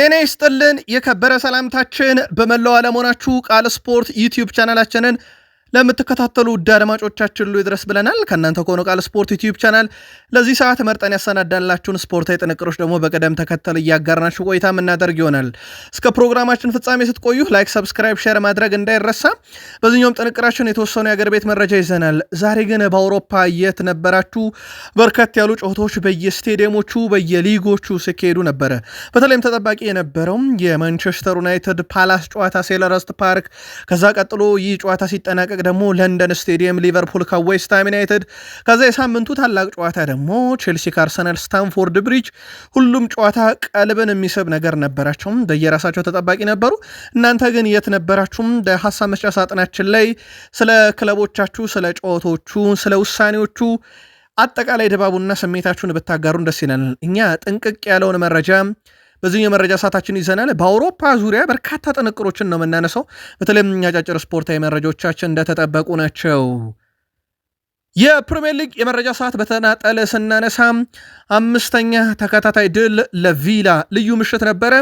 ጤና ይስጥልን የከበረ ሰላምታችን በመላው ዓለም ሆናችሁ ቃል ስፖርት ዩቲዩብ ቻናላችንን ለምትከታተሉ ውድ አድማጮቻችን ሉ ይድረስ ብለናል። ከእናንተ ከሆነ ቃል ስፖርት ዩቲዩብ ቻናል ለዚህ ሰዓት መርጠን ያሰናዳላችሁን ስፖርታዊ ጥንቅሮች ደግሞ በቅደም ተከተል እያጋርናችሁ ቆይታ የምናደርግ ይሆናል። እስከ ፕሮግራማችን ፍጻሜ ስትቆዩ ላይክ፣ ሰብስክራይብ፣ ሼር ማድረግ እንዳይረሳ። በዚህኛውም ጥንቅራችን የተወሰኑ የአገር ቤት መረጃ ይዘናል። ዛሬ ግን በአውሮፓ የት ነበራችሁ? በርከት ያሉ ጨዋታዎች በየስቴዲየሞቹ በየሊጎቹ ሲካሄዱ ነበረ። በተለይም ተጠባቂ የነበረውም የማንቸስተር ዩናይትድ ፓላስ ጨዋታ ሴለረስት ፓርክ፣ ከዛ ቀጥሎ ይህ ጨዋታ ሲጠናቀቅ ስንጠነቀቅ ደግሞ ለንደን ስቴዲየም ሊቨርፑል ከዌስትሃም ዩናይትድ፣ ከዛ የሳምንቱ ታላቅ ጨዋታ ደግሞ ቼልሲ ከአርሰናል ስታንፎርድ ብሪጅ። ሁሉም ጨዋታ ቀልብን የሚስብ ነገር ነበራቸውም፣ በየራሳቸው ተጠባቂ ነበሩ። እናንተ ግን የት ነበራችሁም? በሀሳብ መስጫ ሳጥናችን ላይ ስለ ክለቦቻችሁ፣ ስለ ጨዋታዎቹ፣ ስለ ውሳኔዎቹ አጠቃላይ ድባቡና ስሜታችሁን ብታጋሩን ደስ ይለናል። እኛ ጥንቅቅ ያለውን መረጃ በዚህ የመረጃ ሰዓታችን ይዘናል። በአውሮፓ ዙሪያ በርካታ ጥንቅሮችን ነው የምናነሳው። በተለይም አጫጭር ስፖርታዊ መረጃዎቻችን እንደተጠበቁ ናቸው። የፕሪምየር ሊግ የመረጃ ሰዓት በተናጠለ ስናነሳ አምስተኛ ተከታታይ ድል ለቪላ ልዩ ምሽት ነበረ።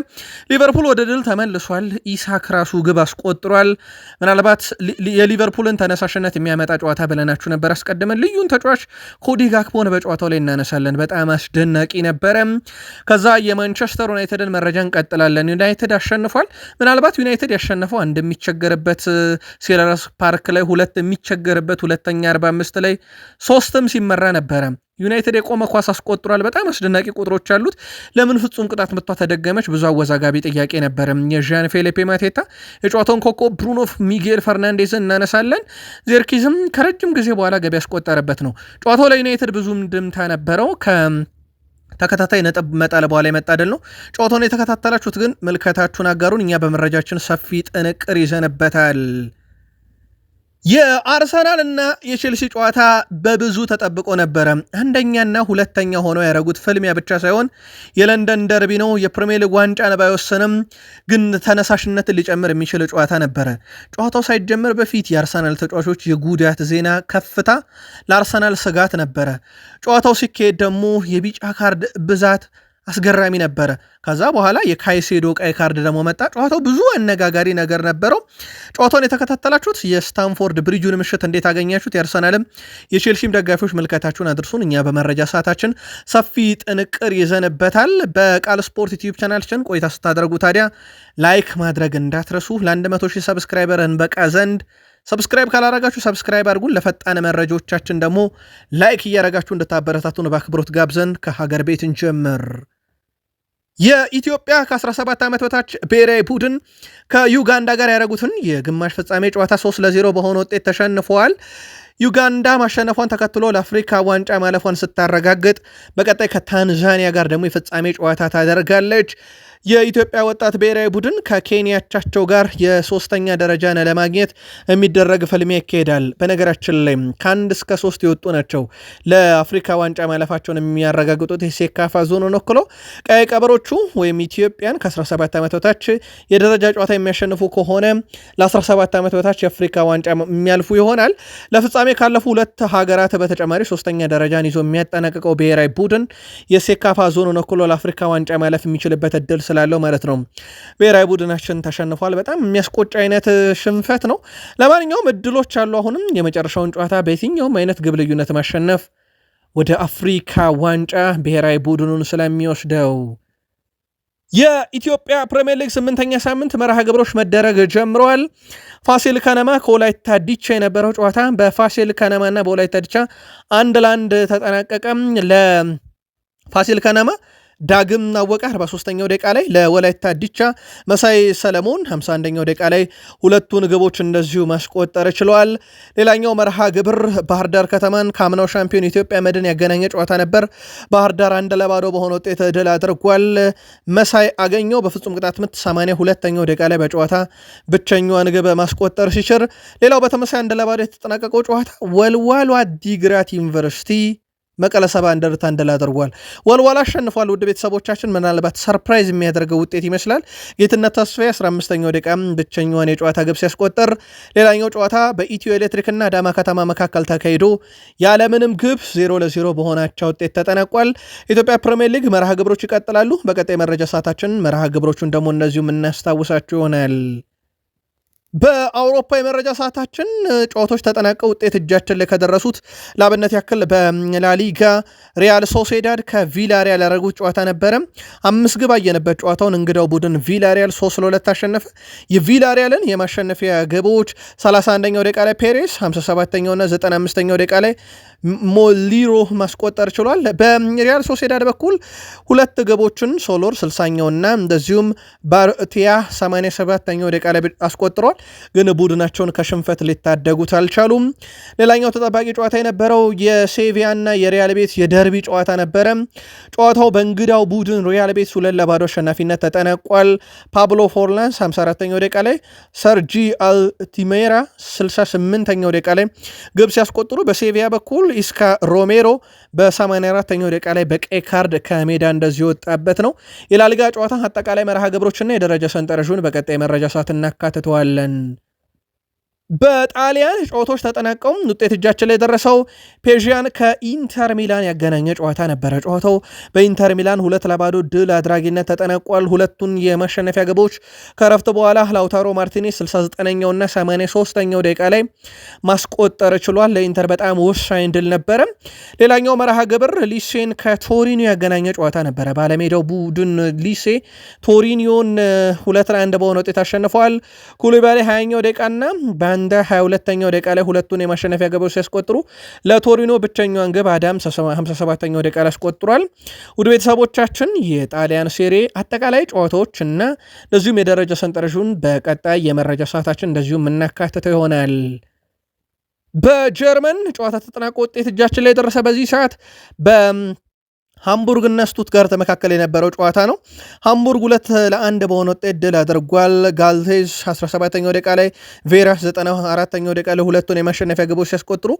ሊቨርፑል ወደ ድል ተመልሷል። ኢሳክ ራሱ ግብ አስቆጥሯል። ምናልባት የሊቨርፑልን ተነሳሽነት የሚያመጣ ጨዋታ ብለናችሁ ነበር አስቀድመን። ልዩን ተጫዋች ኮዲ ጋክፖን በጨዋታው ላይ እናነሳለን። በጣም አስደናቂ ነበረ። ከዛ የማንቸስተር ዩናይትድን መረጃ እንቀጥላለን። ዩናይትድ አሸንፏል። ምናልባት ዩናይትድ ያሸነፈው አንድ የሚቸገርበት ሴልኸርስት ፓርክ ላይ ሁለት የሚቸገርበት ሁለተኛ 45 ላይ ሶስትም ሲመራ ነበረ። ዩናይትድ የቆመ ኳስ አስቆጥሯል። በጣም አስደናቂ ቁጥሮች አሉት። ለምን ፍጹም ቅጣት ምቷ ተደገመች? ብዙ አወዛጋቢ ጥያቄ ነበረ። የዣን ፌሌፔ ማቴታ የጨዋታውን ኮከብ ብሩኖ ሚጌል ፈርናንዴዝን እናነሳለን። ዜርኪዝም ከረጅም ጊዜ በኋላ ገቢ ያስቆጠረበት ነው። ጨዋታው ለዩናይትድ ብዙ ድምታ ነበረው ከ ተከታታይ ነጥብ መጣለ በኋላ የመጣ አይደል ነው። ጨዋታውን የተከታተላችሁት ግን ምልከታችሁን አጋሩን። እኛ በመረጃችን ሰፊ ጥንቅር ይዘንበታል። የአርሰናል እና የቼልሲ ጨዋታ በብዙ ተጠብቆ ነበረ። አንደኛና ሁለተኛ ሆነው ያደረጉት ፍልሚያ ብቻ ሳይሆን የለንደን ደርቢ ነው። የፕሪሚየር ሊግ ዋንጫን ባይወሰንም ግን ተነሳሽነትን ሊጨምር የሚችል ጨዋታ ነበረ። ጨዋታው ሳይጀምር በፊት የአርሰናል ተጫዋቾች የጉዳት ዜና ከፍታ ለአርሰናል ስጋት ነበረ። ጨዋታው ሲካሄድ ደግሞ የቢጫ ካርድ ብዛት አስገራሚ ነበረ። ከዛ በኋላ የካይሴዶ ቀይ ካርድ ደግሞ መጣ። ጨዋታው ብዙ አነጋጋሪ ነገር ነበረው። ጨዋታውን የተከታተላችሁት የስታንፎርድ ብሪጁን ምሽት እንዴት አገኛችሁት? የአርሰናልም የቼልሲም ደጋፊዎች ምልከታችሁን አድርሱን። እኛ በመረጃ ሰዓታችን ሰፊ ጥንቅር ይዘንበታል። በቃል ስፖርት ዩቲዩብ ቻናልችን ቆይታ ስታደርጉ ታዲያ ላይክ ማድረግ እንዳትረሱ። ለ100 ሺህ ሰብስክራይበር እንበቃ ዘንድ ሰብስክራይብ ካላረጋችሁ ሰብስክራይብ አድርጉን። ለፈጣን መረጃዎቻችን ደግሞ ላይክ እያረጋችሁ እንድታበረታቱን በአክብሮት ጋብዘን ከሀገር ቤት እንጀምር። የኢትዮጵያ ከ17 ዓመት በታች ብሔራዊ ቡድን ከዩጋንዳ ጋር ያደረጉትን የግማሽ ፍጻሜ ጨዋታ 3 ለ0 በሆነ ውጤት ተሸንፈዋል። ዩጋንዳ ማሸነፏን ተከትሎ ለአፍሪካ ዋንጫ ማለፏን ስታረጋግጥ፣ በቀጣይ ከታንዛኒያ ጋር ደግሞ የፍጻሜ ጨዋታ ታደርጋለች። የኢትዮጵያ ወጣት ብሔራዊ ቡድን ከኬንያቻቸው ጋር የሶስተኛ ደረጃን ለማግኘት የሚደረግ ፍልሚያ ይካሄዳል። በነገራችን ላይ ከአንድ እስከ ሶስት የወጡ ናቸው ለአፍሪካ ዋንጫ ማለፋቸውን የሚያረጋግጡት የሴካፋ ዞኑን ወክሎ ቀይ ቀበሮቹ ወይም ኢትዮጵያን ከ17 ዓመት በታች የደረጃ ጨዋታ የሚያሸንፉ ከሆነ ለ17 ዓመት በታች የአፍሪካ ዋንጫ የሚያልፉ ይሆናል። ለፍጻሜ ካለፉ ሁለት ሀገራት በተጨማሪ ሶስተኛ ደረጃን ይዞ የሚያጠናቅቀው ብሔራዊ ቡድን የሴካፋ ዞኑን ወክሎ ለአፍሪካ ዋንጫ ማለፍ የሚችልበት እድል ስላለው ማለት ነው። ብሔራዊ ቡድናችን ተሸንፏል። በጣም የሚያስቆጭ አይነት ሽንፈት ነው። ለማንኛውም እድሎች አሉ። አሁንም የመጨረሻውን ጨዋታ በየትኛውም አይነት ግብ ልዩነት ማሸነፍ ወደ አፍሪካ ዋንጫ ብሔራዊ ቡድኑን ስለሚወስደው የኢትዮጵያ ፕሪምየር ሊግ ስምንተኛ ሳምንት መርሃ ግብሮች መደረግ ጀምረዋል። ፋሲል ከነማ ከወላይታ ዲቻ የነበረው ጨዋታ በፋሲል ከነማና በወላይታ ዲቻ አንድ ለአንድ ተጠናቀቀም። ለፋሲል ከነማ ዳግም አወቀ 43ኛው ደቂቃ ላይ ለወላይታ ዲቻ፣ መሳይ ሰለሞን 51ኛው ደቂቃ ላይ ሁለቱን ግቦች እንደዚሁ ማስቆጠር ችለዋል። ሌላኛው መርሃ ግብር ባህር ዳር ከተማን ከአምናው ሻምፒዮን ኢትዮጵያ መድን ያገናኘ ጨዋታ ነበር። ባህር ዳር አንድ ለባዶ በሆነ ውጤት ድል አድርጓል። መሳይ አገኘው በፍጹም ቅጣት ምት 82ኛው ደቂቃ ላይ በጨዋታ ብቸኛዋን ግብ ማስቆጠር ሲችር፣ ሌላው በተመሳይ አንድ ለባዶ የተጠናቀቀው ጨዋታ ወልዋሎ አዲግራት ዩኒቨርሲቲ መቀለ ሰባ እንደርታ እንደላ አድርጓል። ወልዋል አሸንፏል። ውድ ቤተሰቦቻችን ምናልባት ሰርፕራይዝ የሚያደርገው ውጤት ይመስላል። ጌትነት ተስፋዬ 15ኛው ደቂቃ ብቸኛዋን የጨዋታ ግብ ሲያስቆጠር፣ ሌላኛው ጨዋታ በኢትዮ ኤሌክትሪክና አዳማ ከተማ መካከል ተካሂዶ ያለምንም ግብ ዜሮ 0 በሆናቻ ውጤት ተጠናቋል። ኢትዮጵያ ፕሪምየር ሊግ መርሃ ግብሮች ይቀጥላሉ። በቀጣይ መረጃ ሰዓታችን መርሃ ግብሮቹን ደግሞ እነዚሁ የምናስታውሳችሁ ይሆናል። በአውሮፓ የመረጃ ሰዓታችን ጨዋታዎች ተጠናቀው ውጤት እጃችን ላይ ከደረሱት ለአብነት ያክል በላሊጋ ሪያል ሶሴዳድ ከቪላ ሪያል ያደረጉት ጨዋታ ነበረ። አምስት ግብ አየነበት ጨዋታውን እንግዳው ቡድን ቪላ ሪያል ሶስት ለሁለት አሸነፈ። የቪላ ሪያልን የማሸነፊያ ግቦች 31ኛው ደቂቃ ላይ ፔሬስ፣ 57ኛውና 95ኛው ደቂቃ ላይ ሞሊሮ ማስቆጠር ችሏል። በሪያል ሶሴዳድ በኩል ሁለት ግቦችን ሶሎር 60ኛውና እንደዚሁም ባርቲያ 87ኛው ደቂቃ ላይ አስቆጥሯል። ግን ቡድናቸውን ከሽንፈት ሊታደጉት አልቻሉም። ሌላኛው ተጠባቂ ጨዋታ የነበረው የሴቪያና የሪያል ቤት የደርቢ ጨዋታ ነበረ። ጨዋታው በእንግዳው ቡድን ሪያል ቤት ሁለት ለባዶ አሸናፊነት ተጠናቋል። ፓብሎ ፎርላንስ 54ኛው ደቂቃ ላይ፣ ሰርጂ አልቲሜራ 68ኛው ደቂቃ ላይ ግብ ሲያስቆጥሩ በሴቪያ በኩል ሊቨርፑል ኢስካ ሮሜሮ በ84ኛው ደቂቃ ላይ በቀይ ካርድ ከሜዳ እንደዚህ የወጣበት ነው። የላሊጋ ጨዋታ አጠቃላይ መርሃ ግብሮችና የደረጃ ሰንጠረዥን በቀጣይ መረጃ ሰዓት እናካትተዋለን። በጣሊያን ጨዋታዎች ተጠናቀውም ውጤት እጃችን ላይ የደረሰው ፔዥያን ከኢንተር ሚላን ያገናኘ ጨዋታ ነበረ። ጨዋታው በኢንተር ሚላን ሁለት ለባዶ ድል አድራጊነት ተጠናቋል። ሁለቱን የማሸነፊያ ግቦች ከረፍት በኋላ ላውታሮ ማርቲኔስ 69 ና 83ኛው ደቂቃ ላይ ማስቆጠር ችሏል። ለኢንተር በጣም ወሳኝ ድል ነበረ። ሌላኛው መርሃ ግብር ሊሴን ከቶሪኒዮ ያገናኘ ጨዋታ ነበረ። ባለሜዳው ቡድን ሊሴ ቶሪኒዮን ሁለት ለአንድ በሆነ ውጤት አሸንፈዋል። ኩሊባሊ 20ኛው ደቂቃና ኦላንዳ 22ኛው ደቂቃ ላይ ሁለቱን የማሸነፊያ ግቦች ሲያስቆጥሩ ለቶሪኖ ብቸኛዋን ግብ አዳም 57ኛው ደቂቃ ላይ አስቆጥሯል። ውድ ቤተሰቦቻችን የጣሊያን ሴሬ አጠቃላይ ጨዋታዎች እና እንደዚሁም የደረጃ ሰንጠረዡን በቀጣይ የመረጃ ሰዓታችን እንደዚሁም የምናካትተው ይሆናል። በጀርመን ጨዋታ ተጠናቆ ውጤት እጃችን ላይ የደረሰ በዚህ ሰዓት በ ሃምቡርግ እና ስቱትጋርት መካከል የነበረው ጨዋታ ነው። ሃምቡርግ ሁለት ለአንድ በሆነ ውጤት ድል አድርጓል። ጋልቴዝ 17ኛው ደቂቃ ላይ፣ ቬራስ 94ኛው ደቂቃ ላይ ሁለቱን የማሸነፊያ ግቦች ሲያስቆጥሩ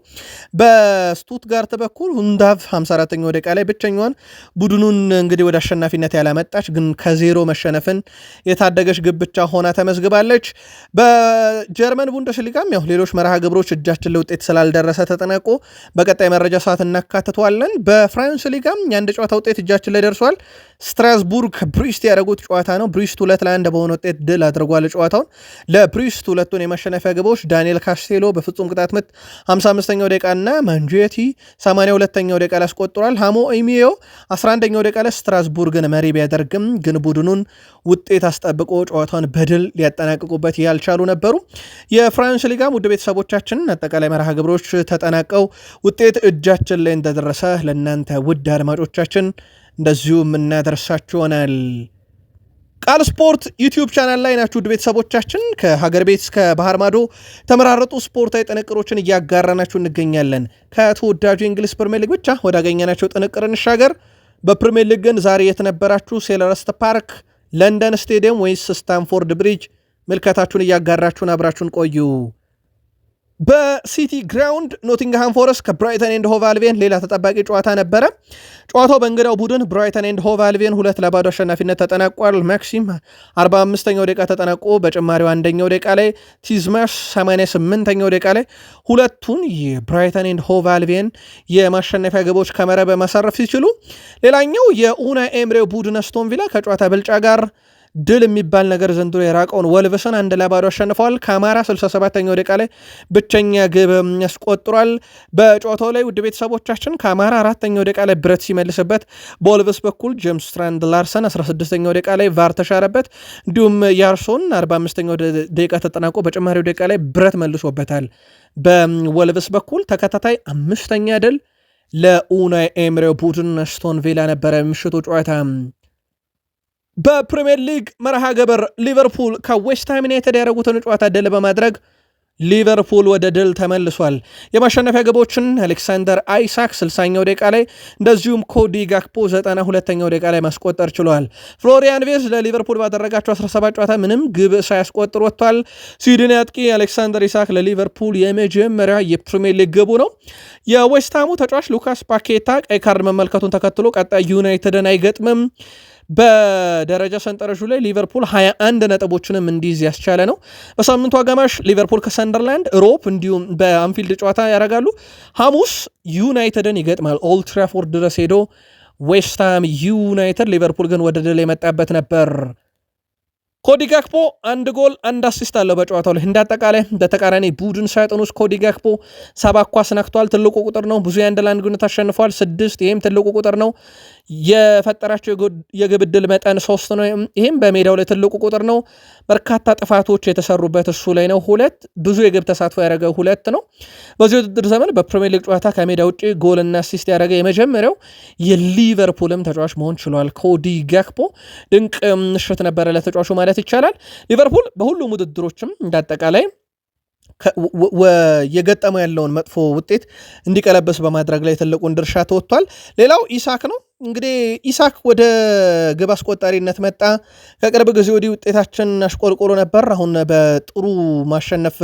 በስቱትጋርት በኩል ሁንዳቭ 54ኛው ደቂቃ ላይ ብቸኛዋን ቡድኑን እንግዲህ ወደ አሸናፊነት ያላመጣች ግን ከዜሮ መሸነፍን የታደገች ግብ ብቻ ሆና ተመዝግባለች። በጀርመን ቡንደስሊጋም ያው ሌሎች መርሃ ግብሮች እጃችን ለውጤት ስላልደረሰ ተጠናቆ በቀጣይ መረጃ ሰዓት እናካትተዋለን። በፍራንስ ሊጋም አንድ ጨዋታ ውጤት እጃችን ላይ ደርሷል። ስትራስቡርግ ብሪስት ያደረጉት ጨዋታ ነው። ብሪስት ሁለት ለአንድ በሆነ ውጤት ድል አድርጓል ጨዋታውን። ለብሪስት ሁለቱን የማሸነፊያ ግቦች ዳንኤል ካስቴሎ በፍጹም ቅጣት ምት 55ኛው ደቂቃ እና ማንጄቲ 82ኛው ደቂቃ ላይ አስቆጥሯል። ሃሞ ኢሚዮ 11ኛው ደቂቃ ላይ ስትራስቡርግን መሪ ቢያደርግም ግን ቡድኑን ውጤት አስጠብቆ ጨዋታውን በድል ሊያጠናቅቁበት ያልቻሉ ነበሩ። የፍራንስ ሊጋም ውድ ቤተሰቦቻችን አጠቃላይ መርሃ ግብሮች ተጠናቀው ውጤት እጃችን ላይ እንደደረሰ ለእናንተ ውድ አድማጮቻችን እንደዚሁ የምናደርሳችሁ ይሆናል። ቃል ስፖርት ዩቲዩብ ቻናል ላይ ናችሁ ውድ ቤተሰቦቻችን። ከሀገር ቤት እስከ ባህር ማዶ ተመራረጡ ስፖርታዊ ጥንቅሮችን እያጋራናችሁ እንገኛለን። ከተወዳጁ የእንግሊዝ ፕሪምየር ሊግ ብቻ ወዳገኘናቸው ጥንቅር እንሻገር። በፕሪምየር ሊግ ግን ዛሬ የተነበራችሁ ሴልኸርስት ፓርክ፣ ለንደን ስቴዲየም ወይስ ስታንፎርድ ብሪጅ ምልከታችሁን እያጋራችሁን አብራችሁን ቆዩ። በሲቲ ግራውንድ ኖቲንግሃም ፎረስት ከብራይተን ኤንድ ሆቭ ሌላ ተጠባቂ ጨዋታ ነበረ። ጨዋታው በእንግዳው ቡድን ብራይተን ኤንድ ሆቭ አልቬን ሁለት ለባዶ አሸናፊነት ተጠናቋል። ማክሲም 45ኛው ደቂቃ ተጠናቆ በጭማሪው አንደኛው ደቂቃ ላይ ቲዝማሽ 88ኛው ደቂቃ ላይ ሁለቱን የብራይተን ኤንድ ሆቭ አልቬን የማሸነፊያ ግቦች ከመረብ ማሳረፍ ሲችሉ፣ ሌላኛው የኡና ኤምሬው ቡድን አስቶን ቪላ ከጨዋታ ብልጫ ጋር ድል የሚባል ነገር ዘንድሮ የራቀውን ወልቭስን አንድ ለባዶ አሸንፈዋል። ከአማራ 67ኛው ደቂቃ ላይ ብቸኛ ግብ ያስቆጥሯል። በጨዋታው ላይ ውድ ቤተሰቦቻችን ከአማራ አራተኛው ደቂቃ ላይ ብረት ሲመልስበት፣ በወልቭስ በኩል ጄምስ ትራንድ ላርሰን 16ኛው ደቂቃ ላይ ቫር ተሻረበት። እንዲሁም ያርሶን 45ኛው ደቂቃ ተጠናቆ በጭማሪው ደቂቃ ላይ ብረት መልሶበታል። በወልቭስ በኩል ተከታታይ አምስተኛ ድል ለኡናይ ኤምሬ ቡድን ስቶን ቪላ ነበረ ምሽቱ ጨዋታ በፕሪምየር ሊግ መርሃ ግብር ሊቨርፑል ከዌስትሃም ዩናይትድ ያደረጉትን ጨዋታ ድል በማድረግ ሊቨርፑል ወደ ድል ተመልሷል። የማሸነፊያ ግቦችን አሌክሳንደር አይሳክ 60ኛው ደቂቃ ላይ እንደዚሁም ኮዲ ጋክፖ 92ኛው ደቂቃ ላይ ማስቆጠር ችሏል። ፍሎሪያን ቬዝ ለሊቨርፑል ባደረጋቸው 17 ጨዋታ ምንም ግብ ሳያስቆጥር ወጥቷል። ስዊድን አጥቂ አሌክሳንደር ኢሳክ ለሊቨርፑል የመጀመሪያ የፕሪሚየር ሊግ ግቡ ነው። የዌስትሃሙ ተጫዋች ሉካስ ፓኬታ ቀይ ካርድ መመልከቱን ተከትሎ ቀጣይ ዩናይትድን አይገጥምም። በደረጃ ሰንጠረዡ ላይ ሊቨርፑል 21 ነጥቦችንም እንዲይዝ ያስቻለ ነው። በሳምንቱ አጋማሽ ሊቨርፑል ከሰንደርላንድ ሮፕ እንዲሁም በአንፊልድ ጨዋታ ያደርጋሉ። ሐሙስ ዩናይትድን ይገጥማል። ኦልድ ትራፎርድ ድረስ ሄዶ ዌስትሃም ዩናይትድ። ሊቨርፑል ግን ወደ ድል የመጣበት ነበር። ኮዲ ጋክፖ አንድ ጎል አንድ አሲስት አለው በጨዋታው ላይ። እንዳጠቃላይ በተቃራኒ ቡድን ሳጥን ውስጥ ኮዲ ጋክፖ ሰባት ኳስ ነክቷል። ትልቁ ቁጥር ነው። ብዙ የአንድ ለአንድ ግንኙነት አሸንፏል፣ ስድስት ይህም ትልቁ ቁጥር ነው። የፈጠራቸው የግብ ዕድል መጠን ሶስት ነው። ይህም በሜዳው ላይ ትልቁ ቁጥር ነው። በርካታ ጥፋቶች የተሰሩበት እሱ ላይ ነው። ሁለት ብዙ የግብ ተሳትፎ ያደረገ ሁለት ነው። በዚህ ውድድር ዘመን በፕሪሚየር ሊግ ጨዋታ ከሜዳ ውጭ ጎልና አሲስት ያደረገ የመጀመሪያው የሊቨርፑልም ተጫዋች መሆን ችሏል። ኮዲ ጋክፖ ድንቅ ምሽት ነበረ ለተጫዋቹ ማለት ይቻላል። ሊቨርፑል በሁሉም ውድድሮችም እንዳጠቃላይ የገጠመው ያለውን መጥፎ ውጤት እንዲቀለበስ በማድረግ ላይ ትልቁን ድርሻ ተወጥቷል። ሌላው ኢሳክ ነው። እንግዲህ ኢሳክ ወደ ግብ አስቆጣሪነት መጣ። ከቅርብ ጊዜ ወዲህ ውጤታችን አሽቆልቆሎ ነበር። አሁን በጥሩ ማሸነፍ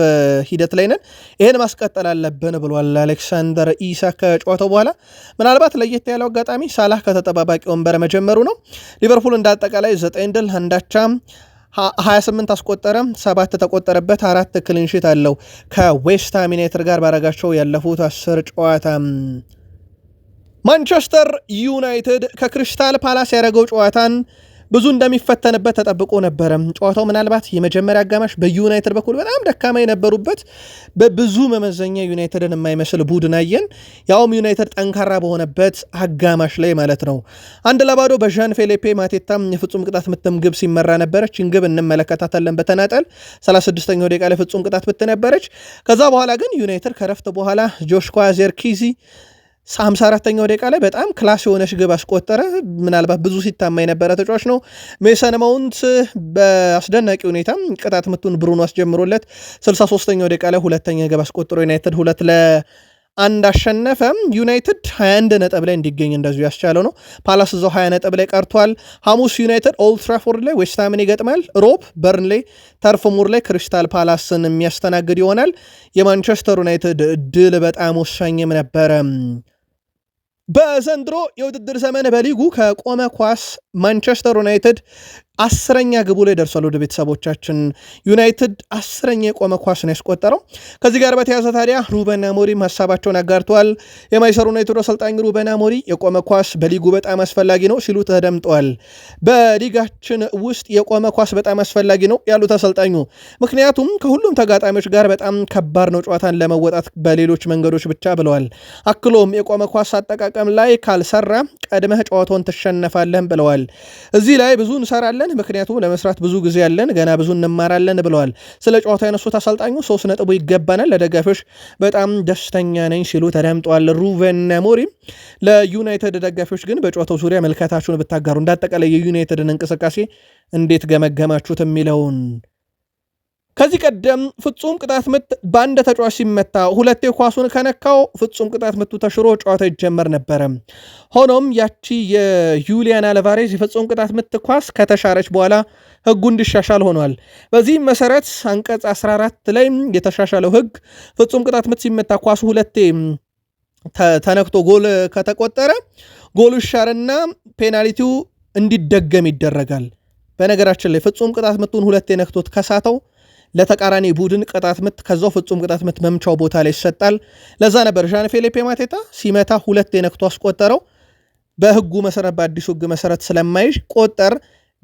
ሂደት ላይ ነን፣ ይህን ማስቀጠል አለብን ብሏል አሌክሳንደር ኢሳክ ከጨዋታው በኋላ። ምናልባት ለየት ያለው አጋጣሚ ሳላህ ከተጠባባቂ ወንበር መጀመሩ ነው። ሊቨርፑል እንዳጠቃላይ ዘጠኝ ድል አንዳቻ 28 አስቆጠረም፣ ሰባት ተቆጠረበት፣ አራት ክሊንሺት አለው። ከዌስትሃም ዩናይትድ ጋር ባረጋቸው ያለፉት አስር ጨዋታ ማንቸስተር ዩናይትድ ከክሪስታል ፓላስ ያደረገው ጨዋታን ብዙ እንደሚፈተንበት ተጠብቆ ነበረ። ጨዋታው ምናልባት የመጀመሪያ አጋማሽ በዩናይትድ በኩል በጣም ደካማ የነበሩበት በብዙ መመዘኛ ዩናይትድን የማይመስል ቡድን አየን። ያውም ዩናይትድ ጠንካራ በሆነበት አጋማሽ ላይ ማለት ነው። አንድ ለባዶ በዣን ፌሌፔ ማቴታ የፍጹም ቅጣት ምትም ግብ ሲመራ ነበረች። ግብ እንመለከታታለን በተናጠል 36ኛው ደቂቃ ላይ ፍጹም ቅጣት ምት ነበረች። ከዛ በኋላ ግን ዩናይትድ ከረፍት በኋላ ጆሽኳ ዜርኪዚ ሃምሳ አራተኛው ደቂቃ ላይ በጣም ክላስ የሆነች ግብ አስቆጠረ። ምናልባት ብዙ ሲታማ የነበረ ተጫዋች ነው። ሜሰን ማውንት በአስደናቂ ሁኔታ ቅጣት ምቱን ብሩኖ አስጀምሮለት 63ኛው ደቂቃ ላይ ሁለተኛ ግብ አስቆጥሮ ዩናይትድ ሁለት ለ አንድ አሸነፈ። ዩናይትድ 21 ነጥብ ላይ እንዲገኝ እንደዚሁ ያስቻለው ነው። ፓላስ እዛው 20 ነጥብ ላይ ቀርቷል። ሐሙስ ዩናይትድ ኦልድ ትራፎርድ ላይ ዌስትሃምን ይገጥማል። ሮብ በርንሌ ተርፍ ሙር ላይ ክሪስታል ፓላስን የሚያስተናግድ ይሆናል። የማንቸስተር ዩናይትድ ድል በጣም ወሳኝም ነበረ። በዘንድሮ የውድድር ዘመን በሊጉ ከቆመ ኳስ ማንቸስተር ዩናይትድ አስረኛ ግቡ ላይ ደርሷል። ወደ ቤተሰቦቻችን ዩናይትድ አስረኛ የቆመ ኳስ ነው ያስቆጠረው። ከዚህ ጋር በተያዘ ታዲያ ሩበን አሞሪም ሀሳባቸውን አጋርተዋል። የማይሰሩ ዩናይትድ አሰልጣኝ ሩበን አሞሪ የቆመ ኳስ በሊጉ በጣም አስፈላጊ ነው ሲሉ ተደምጠዋል። በሊጋችን ውስጥ የቆመ ኳስ በጣም አስፈላጊ ነው ያሉት አሰልጣኙ ምክንያቱም ከሁሉም ተጋጣሚዎች ጋር በጣም ከባድ ነው ጨዋታን ለመወጣት በሌሎች መንገዶች ብቻ ብለዋል። አክሎም የቆመ ኳስ አጠቃቀም ላይ ካልሰራ ቀድመህ ጨዋታውን ትሸነፋለህም ብለዋል። እዚህ ላይ ብዙ እንሰራለን እንችላለን፣ ምክንያቱም ለመስራት ብዙ ጊዜ ያለን ገና ብዙ እንማራለን ብለዋል። ስለ ጨዋታ ያነሱት አሰልጣኙ ሶስት ነጥቡ ይገባናል፣ ለደጋፊዎች በጣም ደስተኛ ነኝ ሲሉ ተደምጠዋል። ሩቨን አሞሪም ለዩናይትድ ደጋፊዎች ግን በጨዋታው ዙሪያ መልካታችሁን ብታጋሩ፣ እንዳጠቃላይ የዩናይትድን እንቅስቃሴ እንዴት ገመገማችሁት የሚለውን ከዚህ ቀደም ፍጹም ቅጣት ምት በአንድ ተጫዋች ሲመታ ሁለቴ ኳሱን ከነካው ፍጹም ቅጣት ምቱ ተሽሮ ጨዋታ ይጀመር ነበረ። ሆኖም ያቺ የዩሊያን አልቫሬዝ የፍጹም ቅጣት ምት ኳስ ከተሻረች በኋላ ሕጉ እንዲሻሻል ሆኗል። በዚህም መሰረት አንቀጽ 14 ላይ የተሻሻለው ሕግ ፍጹም ቅጣት ምት ሲመታ ኳሱ ሁለቴ ተነክቶ ጎል ከተቆጠረ ጎሉ ይሻርና ፔናልቲው እንዲደገም ይደረጋል። በነገራችን ላይ ፍጹም ቅጣት ምቱን ሁለቴ ነክቶት ከሳተው ለተቃራኒ ቡድን ቅጣት ምት ከዛው ፍጹም ቅጣት ምት መምቻው ቦታ ላይ ይሰጣል። ለዛ ነበር ዣን ፌሊፔ ማቴታ ሲመታ ሁለት የነክቶ አስቆጠረው። በህጉ መሰረት በአዲሱ ህግ መሰረት ስለማይቆጠር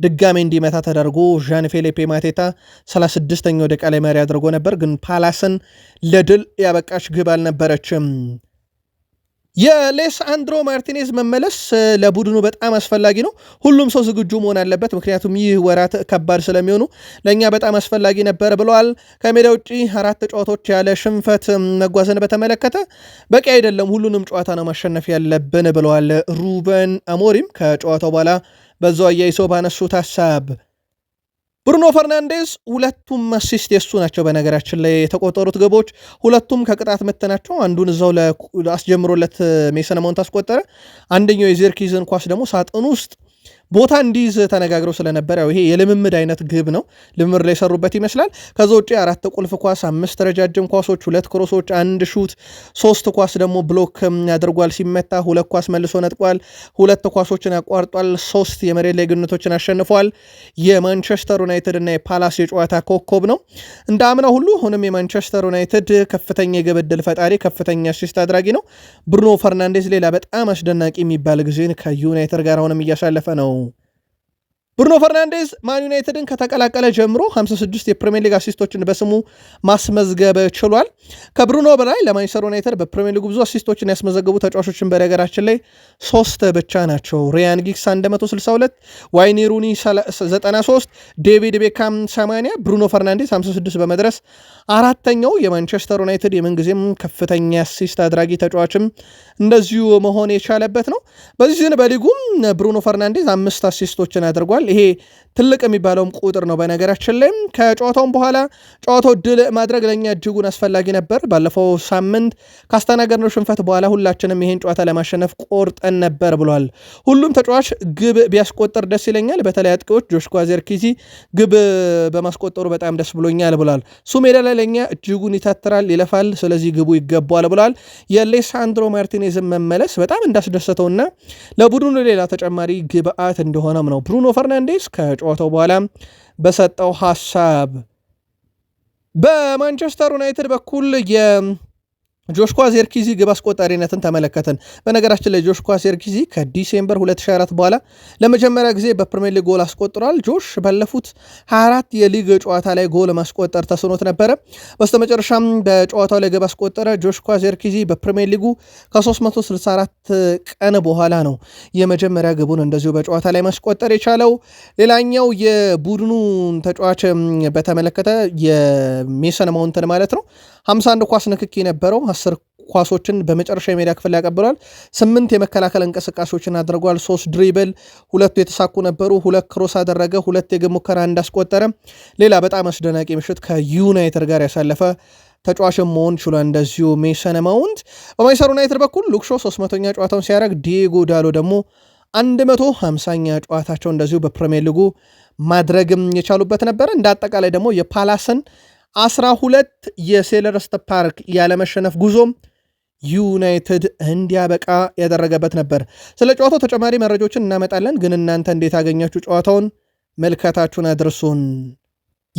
ድጋሜ እንዲመታ ተደርጎ ዣን ፌሊፔ ማቴታ 36ኛው ደቂቃ ላይ መሪ አድርጎ ነበር፣ ግን ፓላስን ለድል ያበቃች ግብ አልነበረችም። የሌሳንድሮ ማርቲኔዝ መመለስ ለቡድኑ በጣም አስፈላጊ ነው። ሁሉም ሰው ዝግጁ መሆን አለበት፣ ምክንያቱም ይህ ወራት ከባድ ስለሚሆኑ ለእኛ በጣም አስፈላጊ ነበር ብለዋል። ከሜዳ ውጭ አራት ጨዋታዎች ያለ ሽንፈት መጓዘን በተመለከተ በቂ አይደለም፣ ሁሉንም ጨዋታ ነው ማሸነፍ ያለብን ብለዋል ሩበን አሞሪም ከጨዋታው በኋላ በዛው አያይሰው ባነሱት ሀሳብ ብሩኖ ፈርናንዴዝ ሁለቱም አሲስት የሱ ናቸው። በነገራችን ላይ የተቆጠሩት ግቦች ሁለቱም ከቅጣት ምት ናቸው። አንዱን እዛው አስጀምሮለት ሜሰን ማውንት አስቆጠረ። አንደኛው የዜርኪዝን ኳስ ደግሞ ሳጥን ውስጥ ቦታ እንዲይዝ ተነጋግረው ስለነበረ ያው ይሄ የልምምድ አይነት ግብ ነው፣ ልምምድ ላይ የሰሩበት ይመስላል። ከዛ ውጭ አራት ቁልፍ ኳስ፣ አምስት ረጃጅም ኳሶች፣ ሁለት ክሮሶች፣ አንድ ሹት፣ ሶስት ኳስ ደግሞ ብሎክ አድርጓል ሲመታ፣ ሁለት ኳስ መልሶ ነጥቋል፣ ሁለት ኳሶችን አቋርጧል፣ ሶስት የመሬት ላይ ግንቶችን አሸንፏል። የማንቸስተር ዩናይትድ እና የፓላስ የጨዋታ ኮከብ ነው እንደ አምና ሁሉ አሁንም የማንቸስተር ዩናይትድ ከፍተኛ የግብ ዕድል ፈጣሪ፣ ከፍተኛ አሲስት አድራጊ ነው። ብሩኖ ፈርናንዴዝ ሌላ በጣም አስደናቂ የሚባል ጊዜን ከዩናይትድ ጋር አሁንም እያሳለፈ ነው ብሩኖ ፈርናንዴዝ ማን ዩናይትድን ከተቀላቀለ ጀምሮ 56 የፕሪሚየር ሊግ አሲስቶችን በስሙ ማስመዝገብ ችሏል። ከብሩኖ በላይ ለማንቸስተር ዩናይትድ በፕሪሚየር ሊጉ ብዙ አሲስቶችን ያስመዘገቡ ተጫዋቾችን በነገራችን ላይ ሶስት ብቻ ናቸው። ሪያን ጊግስ 162፣ ዋይኒ ሩኒ 93፣ ዴቪድ ቤካም 80፣ ብሩኖ ፈርናንዴዝ 56 በመድረስ አራተኛው የማንቸስተር ዩናይትድ የምንጊዜም ከፍተኛ አሲስት አድራጊ ተጫዋችም እንደዚሁ መሆን የቻለበት ነው። በዚህ በሊጉም ብሩኖ ፈርናንዴዝ አምስት አሲስቶችን አድርጓል። ይሄ ትልቅ የሚባለውም ቁጥር ነው። በነገራችን ላይ ከጨዋታውም በኋላ ጨዋታው ድል ማድረግ ለእኛ እጅጉን አስፈላጊ ነበር። ባለፈው ሳምንት ካስተናገድነው ሽንፈት በኋላ ሁላችንም ይሄን ጨዋታ ለማሸነፍ ቆርጠን ነበር ብሏል። ሁሉም ተጫዋች ግብ ቢያስቆጠር ደስ ይለኛል። በተለይ አጥቂዎች ጆሽኳ ዜርኪዚ ግብ በማስቆጠሩ በጣም ደስ ብሎኛል ብሏል። እሱ ሜዳ ላይ ለእኛ እጅጉን ይታትራል፣ ይለፋል። ስለዚህ ግቡ ይገባዋል ብሏል። የሌሳንድሮ ማርቲኔዝን መመለስ በጣም እንዳስደሰተውና ለቡድኑ ሌላ ተጨማሪ ግብአት እንደሆነም ነው ብሩኖ ፈርና ፈርናንዴስ ከጨዋታው በኋላ በሰጠው ሀሳብ በማንቸስተር ዩናይትድ በኩል የ ጆሽኳ ዜርኪዚ ግብ አስቆጣሪነትን ተመለከትን። በነገራችን ላይ ጆሽኳ ዜርኪዚ ከዲሴምበር 2024 በኋላ ለመጀመሪያ ጊዜ በፕሪሚየር ሊግ ጎል አስቆጥሯል። ጆሽ ባለፉት 24 የሊግ ጨዋታ ላይ ጎል ማስቆጠር ተስኖት ነበረ። በስተመጨረሻም በጨዋታው ላይ ግብ አስቆጠረ። ጆሽኳ ዜርኪዚ በፕሪሚየር ሊጉ ከ364 ቀን በኋላ ነው የመጀመሪያ ግቡን እንደዚሁ በጨዋታ ላይ ማስቆጠር የቻለው። ሌላኛው የቡድኑ ተጫዋች በተመለከተ የሜሰን ማውንትን ማለት ነው 51 ኳስ ንክኪ የነበረው 10 ኳሶችን በመጨረሻ የሜዳ ክፍል ያቀብሏል። ስምንት የመከላከል እንቅስቃሴዎችን አድርጓል። ሶስት ድሪብል፣ ሁለቱ የተሳኩ ነበሩ። ሁለት ክሮስ አደረገ። ሁለት የግብ ሙከራ እንዳስቆጠረ ሌላ በጣም አስደናቂ ምሽት ከዩናይትድ ጋር ያሳለፈ ተጫዋችም መሆን ችሏል። እንደዚሁ ሜሰን ማውንት በማንቸስተር ዩናይትድ በኩል ሉክሾ 300ኛ ጨዋታውን ሲያደርግ ዲጎ ዳሎ ደግሞ 150ኛ ጨዋታቸው እንደዚሁ በፕሪሚየር ሊጉ ማድረግም የቻሉበት ነበረ። እንደ አጠቃላይ ደግሞ የፓላስን አስራ ሁለት የሴልኸርስት ፓርክ ያለመሸነፍ ጉዞም ዩናይትድ እንዲያበቃ ያደረገበት ነበር። ስለ ጨዋታው ተጨማሪ መረጃዎችን እናመጣለን፣ ግን እናንተ እንዴት አገኛችሁ ጨዋታውን? መልከታችሁን አድርሱን።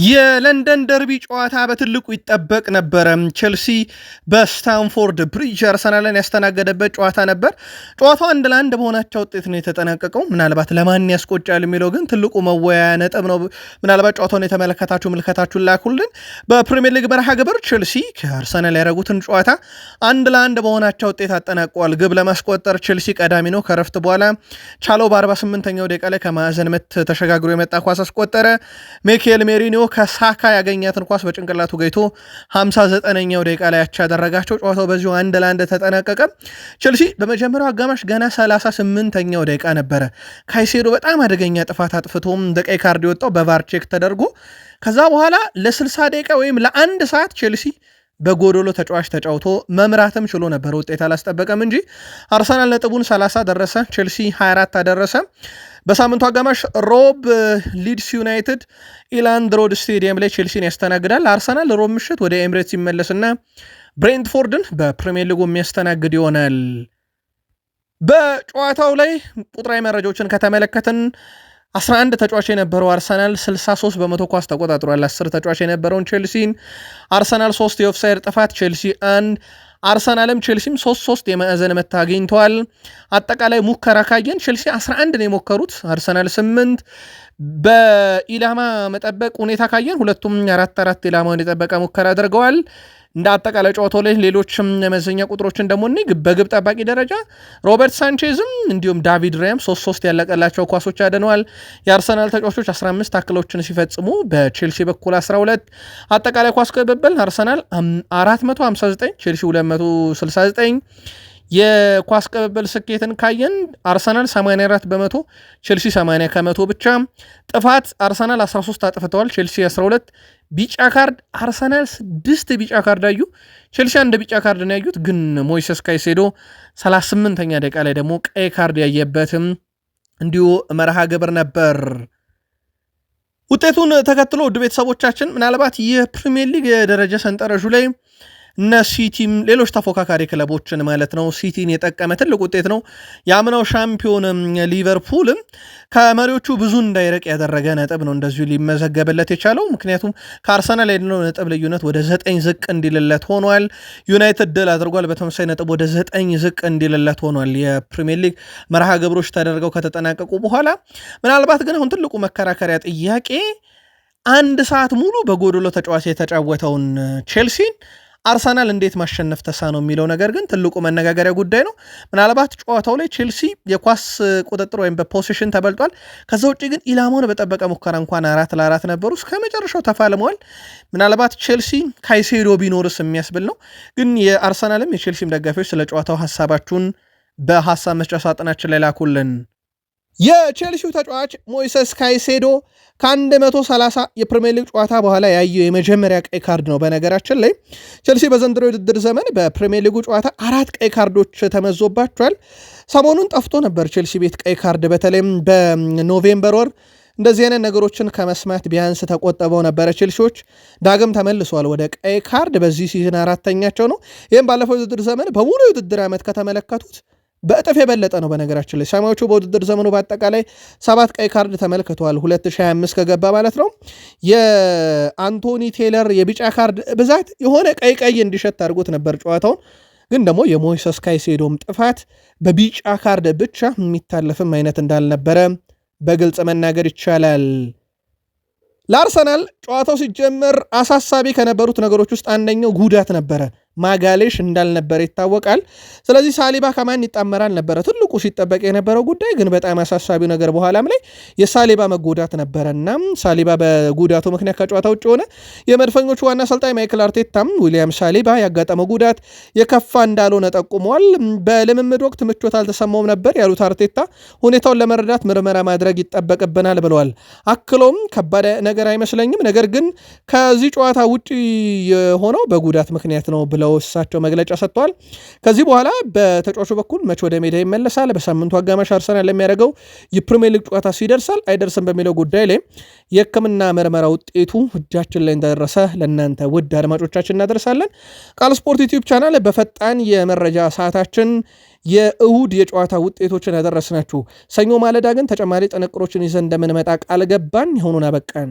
የለንደን ደርቢ ጨዋታ በትልቁ ይጠበቅ ነበረ። ቼልሲ በስታንፎርድ ብሪጅ አርሰናልን ያስተናገደበት ጨዋታ ነበር። ጨዋታው አንድ ለአንድ በሆናቸው ውጤት ነው የተጠናቀቀው። ምናልባት ለማን ያስቆጫል የሚለው ግን ትልቁ መወያያ ነጥብ ነው። ምናልባት ጨዋታውን የተመለከታችሁ ምልከታችሁን ላኩልን። በፕሪሚየር ሊግ መርሃ ግብር ቼልሲ ከአርሰናል ያደረጉትን ጨዋታ አንድ ለአንድ በሆናቸው ውጤት አጠናቀዋል። ግብ ለማስቆጠር ቼልሲ ቀዳሚ ነው። ከረፍት በኋላ ቻሎ በ48ኛው ደቂቃ ላይ ከማዕዘን ምት ተሸጋግሮ የመጣ ኳስ አስቆጠረ። ሚኬል ሜሪኒዮ ከሳካ ያገኛትን ኳስ በጭንቅላቱ ገይቶ 59ኛው ደቂቃ ላይ ያቻ ያደረጋቸው ጨዋታው በዚሁ አንድ ለአንድ ተጠናቀቀ። ቼልሲ በመጀመሪያው አጋማሽ ገና 38ኛው ደቂቃ ነበረ ካይሴዶ በጣም አደገኛ ጥፋት አጥፍቶም በቀይ ካርድ የወጣው በቫር ቼክ ተደርጎ ከዛ በኋላ ለ60 ደቂቃ ወይም ለአንድ ሰዓት ቼልሲ በጎዶሎ ተጫዋች ተጫውቶ መምራትም ችሎ ነበር። ውጤት አላስጠበቀም እንጂ አርሰናል ነጥቡን 30 ደረሰ፣ ቼልሲ 24 አደረሰ። በሳምንቱ አጋማሽ ሮብ ሊድስ ዩናይትድ ኢላንድ ሮድ ስቴዲየም ላይ ቼልሲን ያስተናግዳል። አርሰናል ሮብ ምሽት ወደ ኤምሬትስ ይመለስና ብሬንትፎርድን በፕሪሚየር ሊጉ የሚያስተናግድ ይሆናል። በጨዋታው ላይ ቁጥራዊ መረጃዎችን ከተመለከትን 11 ተጫዋች የነበረው አርሰናል 63 በመቶ ኳስ ተቆጣጥሯል። 10 ተጫዋች የነበረውን ቼልሲን አርሰናል 3 የኦፍሳይድ ጥፋት ቼልሲ 1 አርሰናልም ቼልሲም 3 3 የማዕዘን ምት አግኝተዋል። አጠቃላይ ሙከራ ካየን ቼልሲ 11 ነው የሞከሩት፣ አርሰናል 8። በኢላማ መጠበቅ ሁኔታ ካየን ሁለቱም አራት አራት ኢላማውን የጠበቀ ሙከራ አድርገዋል። እንደ አጠቃላይ ጨዋታው ላይ ሌሎችም የመዘኛ ቁጥሮችን ደግሞ እኔ በግብ ጠባቂ ደረጃ ሮበርት ሳንቼዝም እንዲሁም ዳቪድ ራያም ሶስት ሶስት ያለቀላቸው ኳሶች ያደነዋል። የአርሰናል ተጫዋቾች 15 ታክሎችን ሲፈጽሙ በቼልሲ በኩል 12 አጠቃላይ ኳስ ቅብብል አርሰናል 459 ቼልሲ 269 የኳስ ቅብብል ስኬትን ካየን አርሰናል 84 በመቶ ቼልሲ 80 ከመቶ ብቻ። ጥፋት አርሰናል 13 አጥፍተዋል፣ ቼልሲ 12። ቢጫ ካርድ አርሰናል 6 ቢጫ ካርድ አዩ፣ ቼልሲ አንድ ቢጫ ካርድ ነው ያዩት። ግን ሞይሰስ ካይሴዶ 38ኛ ደቂቃ ላይ ደግሞ ቀይ ካርድ ያየበትም እንዲሁ መርሃ ግብር ነበር። ውጤቱን ተከትሎ ውድ ቤተሰቦቻችን ምናልባት የፕሪሚየር ሊግ የደረጃ ሰንጠረዡ ላይ እነ ሲቲም ሌሎች ተፎካካሪ ክለቦችን ማለት ነው ሲቲን የጠቀመ ትልቅ ውጤት ነው። የአምናው ሻምፒዮን ሊቨርፑልም ከመሪዎቹ ብዙ እንዳይረቅ ያደረገ ነጥብ ነው እንደዚሁ ሊመዘገብለት የቻለው ምክንያቱም ከአርሰናል ያለው ነጥብ ልዩነት ወደ ዘጠኝ ዝቅ እንዲልለት ሆኗል። ዩናይትድ ድል አድርጓል። በተመሳሳይ ነጥብ ወደ ዘጠኝ ዝቅ እንዲልለት ሆኗል። የፕሪሚየር ሊግ መርሃ ግብሮች ተደርገው ከተጠናቀቁ በኋላ ምናልባት ግን አሁን ትልቁ መከራከሪያ ጥያቄ አንድ ሰዓት ሙሉ በጎዶሎ ተጫዋች የተጫወተውን ቼልሲን አርሰናል እንዴት ማሸነፍ ተሳነው የሚለው ነገር ግን ትልቁ መነጋገሪያ ጉዳይ ነው። ምናልባት ጨዋታው ላይ ቼልሲ የኳስ ቁጥጥር ወይም በፖሲሽን ተበልጧል። ከዛ ውጭ ግን ኢላማውን በጠበቀ ሙከራ እንኳን አራት ለአራት ነበሩ፣ እስከ መጨረሻው ተፋልመዋል። ምናልባት ቼልሲ ካይሴዶ ቢኖርስ የሚያስብል ነው። ግን የአርሰናልም የቼልሲም ደጋፊዎች ስለ ጨዋታው ሀሳባችሁን በሀሳብ መስጫ ሳጥናችን ላይ ላኩልን። የቼልሲው ተጫዋች ሞይሰስ ካይሴዶ ከ130 የፕሪምየር ሊግ ጨዋታ በኋላ ያየው የመጀመሪያ ቀይ ካርድ ነው። በነገራችን ላይ ቼልሲ በዘንድሮ የውድድር ዘመን በፕሪምየር ሊጉ ጨዋታ አራት ቀይ ካርዶች ተመዞባቸዋል። ሰሞኑን ጠፍቶ ነበር ቼልሲ ቤት ቀይ ካርድ፣ በተለይም በኖቬምበር ወር እንደዚህ አይነት ነገሮችን ከመስማት ቢያንስ ተቆጠበው ነበረ ቼልሲዎች። ዳግም ተመልሷል ወደ ቀይ ካርድ። በዚህ ሲዝን አራተኛቸው ነው። ይህም ባለፈው የውድድር ዘመን በሙሉ የውድድር ዓመት ከተመለከቱት በእጥፍ የበለጠ ነው። በነገራችን ላይ ሰማዮቹ በውድድር ዘመኑ በአጠቃላይ ሰባት ቀይ ካርድ ተመልክተዋል፣ 2025 ከገባ ማለት ነው። የአንቶኒ ቴለር የቢጫ ካርድ ብዛት የሆነ ቀይ ቀይ እንዲሸት አድርጎት ነበር ጨዋታውን። ግን ደግሞ የሞይሰስ ካይሴዶም ጥፋት በቢጫ ካርድ ብቻ የሚታለፍም አይነት እንዳልነበረ በግልጽ መናገር ይቻላል። ለአርሰናል ጨዋታው ሲጀመር አሳሳቢ ከነበሩት ነገሮች ውስጥ አንደኛው ጉዳት ነበረ። ማጋሌሽ እንዳልነበረ ይታወቃል። ስለዚህ ሳሊባ ከማን ይጣመራል ነበረ ትልቁ ሲጠበቅ የነበረው ጉዳይ። ግን በጣም አሳሳቢው ነገር በኋላም ላይ የሳሊባ መጎዳት ነበረና ሳሊባ በጉዳቱ ምክንያት ከጨዋታ ውጭ ሆነ። የመድፈኞቹ ዋና አሰልጣኝ ማይክል አርቴታም ዊሊያም ሳሊባ ያጋጠመው ጉዳት የከፋ እንዳልሆነ ጠቁመዋል። በልምምድ ወቅት ምቾት አልተሰማውም ነበር ያሉት አርቴታ ሁኔታውን ለመረዳት ምርመራ ማድረግ ይጠበቅብናል ብለዋል። አክሎም ከባድ ነገር አይመስለኝም፣ ነገር ግን ከዚህ ጨዋታ ውጭ የሆነው በጉዳት ምክንያት ነው ብለው እሳቸው መግለጫ ሰጥተዋል። ከዚህ በኋላ በተጫዋቹ በኩል መቼ ወደ ሜዳ ይመለሳል፣ በሳምንቱ አጋማሽ አርሰናል ለሚያደርገው የፕሪሚየር ሊግ ጨዋታ ሲደርሳል አይደርስም በሚለው ጉዳይ ላይ የሕክምና ምርመራ ውጤቱ እጃችን ላይ እንደደረሰ ለእናንተ ውድ አድማጮቻችን እናደርሳለን። ቃል ስፖርት ዩቲዩብ ቻናል በፈጣን የመረጃ ሰዓታችን የእሁድ የጨዋታ ውጤቶችን ያደረስናችሁ። ሰኞ ማለዳ ግን ተጨማሪ ጥንቅሮችን ይዘን እንደምንመጣ ቃል ገባን። የሆኑን አበቃን።